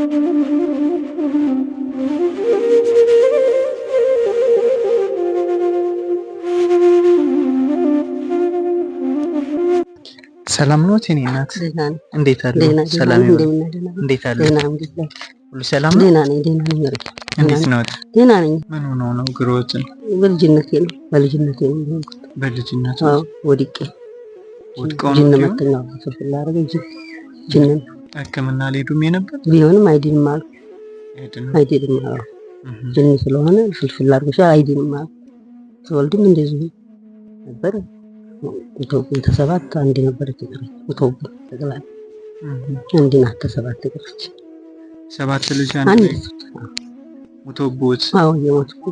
ሰላም ነው የእኔ እናት፣ እንዴት አለ? ሰላም እንዴት አለ? ሁሉ ሰላም ነው። ደህና ነኝ፣ ደህና ነኝ። እንዴት ነው? ደህና ነኝ። ምን ሆኖ ነው ግሮትን? በልጅነቴ ነው፣ በልጅነቴ ነው። በልጅነቴ ወድቄ ወድቀው ነው ህክምና አልሄዱም የነበር ቢሆንም አይድንም አሉ። አይድንም አሉ። ድን ስለሆነ ፍልፍል አድርጎሻል። አይድንም አሉ። ትወልድም እንደዚሁ ነበር። ተሰባት አንድ ነበር የቀረች ተውብር ጠቅላላ አንድ ናት። ተሰባት የቀረች ሰባት ልጅ አንድ ሙቶቦት አዎ የሞትኩ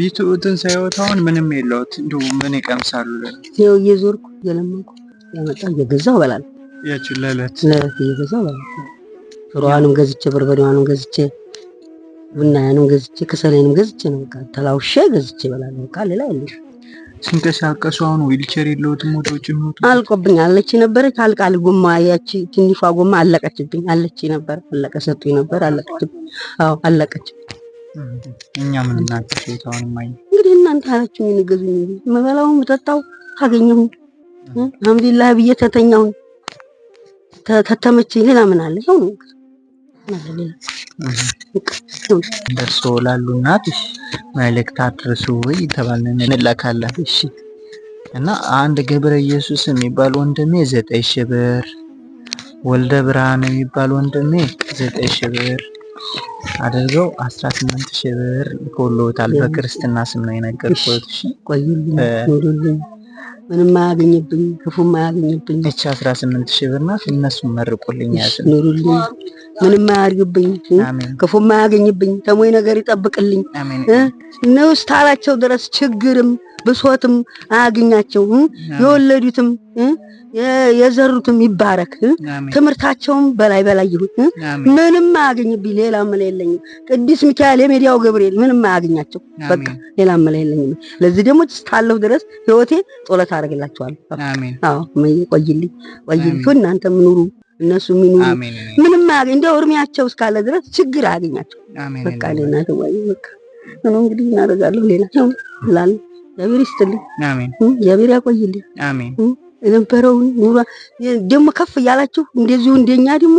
ቢቱ ትንሳኤዎት አሁን ምንም የለውት። እንደው ምን ይቀምሳሉ? ይኸው እየዞርኩ እየለመንኩ ያመጣ እየገዛሁ እበላለሁ። ለእለት ገዝቼ በርበሬዋንም ገዝቼ ቡናዬንም ገዝቼ ከሰሌንም ገዝቼ ነው በቃ ተላውሼ ገዝቼ እበላለሁ። በቃ ሌላ የለሽ ሲንቀሳቀሱ አሁን ዊልቸር የለውትም። ወደ ውጭ አልቆብኝ አለች ነበረች አልቃል ጎማ ያቺ ትንሿ ጎማ አለቀችብኝ። አለች ነበር አለቀ ሰጡኝ ነበር አለቀችብኝ። እኛ ምን እንግዲህ እናንተ ያላችሁ ምን ገዙኝ መበላው ምጠጣው አገኘሁ። አልሐምዱሊላህ ብዬ ከተመቸኝ ሌላ ምን አለ? ያው ነው ደርሶ ላሉ እናትሽ መልእክት አድርሱ የተባልን እንላካላት። እሺ እና አንድ ገብረ ኢየሱስ የሚባል ወንድሜ ዘጠኝ ሺህ ብር፣ ወልደ ብርሃን የሚባል ወንድሜ ዘጠኝ ሺህ ብር አድርገው አስራ ስምንት ሺህ ብር ልኮልዎታል። በክርስትና ስም ነው የነገርኩት። ቆዩልኝ ምንም አያገኝብኝ፣ ክፉም አያገኝብኝ። እቺ አስራ ስምንት ሺህ ብር ናት። እነሱም መርቁልኝ፣ ኑሩልኝ፣ ምንም አያርግብኝ፣ ክፉም አያገኝብኝ፣ ተሞኝ ነገር ይጠብቅልኝ ነው ታላቸው ድረስ ችግርም ብሶትም አያግኛቸው የወለዱትም የዘሩትም ይባረክ። ትምህርታቸውም በላይ በላይ ይሁን። ምንም አያገኝብኝ። ሌላ መላ የለኝም። ቅዱስ ሚካኤል፣ የሜዲያው ገብርኤል ምንም አያገኛቸው። በቃ ሌላ መላ የለኝም። ለዚህ ደግሞ እስካለሁ ድረስ ህይወቴ ጦለት አደርግላቸዋለሁ። አዎ ቆይልኝ፣ ቆይልኝ። እናንተም ምኑሩ እነሱ የሚኖሩ ምንም አያገኝ እንደ እርሚያቸው እስካለ ድረስ ችግር አያገኛቸው። በቃ ተወይ በቃ ምን እንግዲህ እናደርጋለሁ ሌላ ላለ እግዚአብሔር ይስጥልኝ። አሜን። እግዚአብሔር ያቆይልኝ። አሜን። የነበረው ኑሮ ደግሞ ከፍ እያላችሁ እንደዚሁ እንደኛ ደግሞ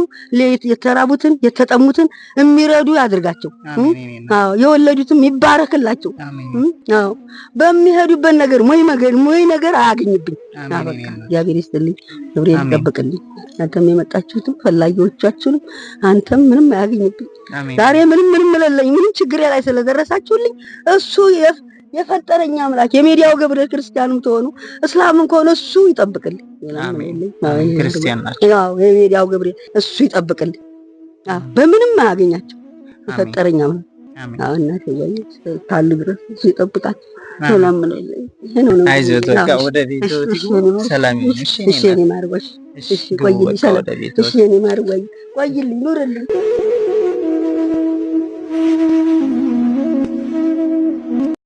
የተራቡትን የተጠሙትን የሚረዱ ያድርጋቸው። አዎ የወለዱትም ይባረክላቸው። አዎ በሚሄዱበት ነገር ሞይ ነገር ሞይ ነገር አያገኝብኝ። አበቃ እግዚአብሔር ይስጥልኝ፣ ገብርኤል ይጠብቅልኝ። አንተም የመጣችሁትም ፈላጊዎቻችሁንም አንተም ምንም አያገኝብኝ። ዛሬ ምንም ምንም እለለኝ ምንም ችግር ላይ ስለደረሳችሁልኝ እሱ የፈጠረኝ አምላክ የሚዲያው ገብረ ክርስቲያንም ተሆኑ እስላምን ከሆነ እሱ ይጠብቅልኝ። ክርስቲያን ናቸው። የሜዲያው ገብረ እሱ ይጠብቅልኝ፣ በምንም አያገኛቸው። የፈጠረኝ አምላክ እናቴ ታሉ ድረስ እሱ ይጠብቃቸው። ሰላም ቆይልኝ፣ ኑርልኝ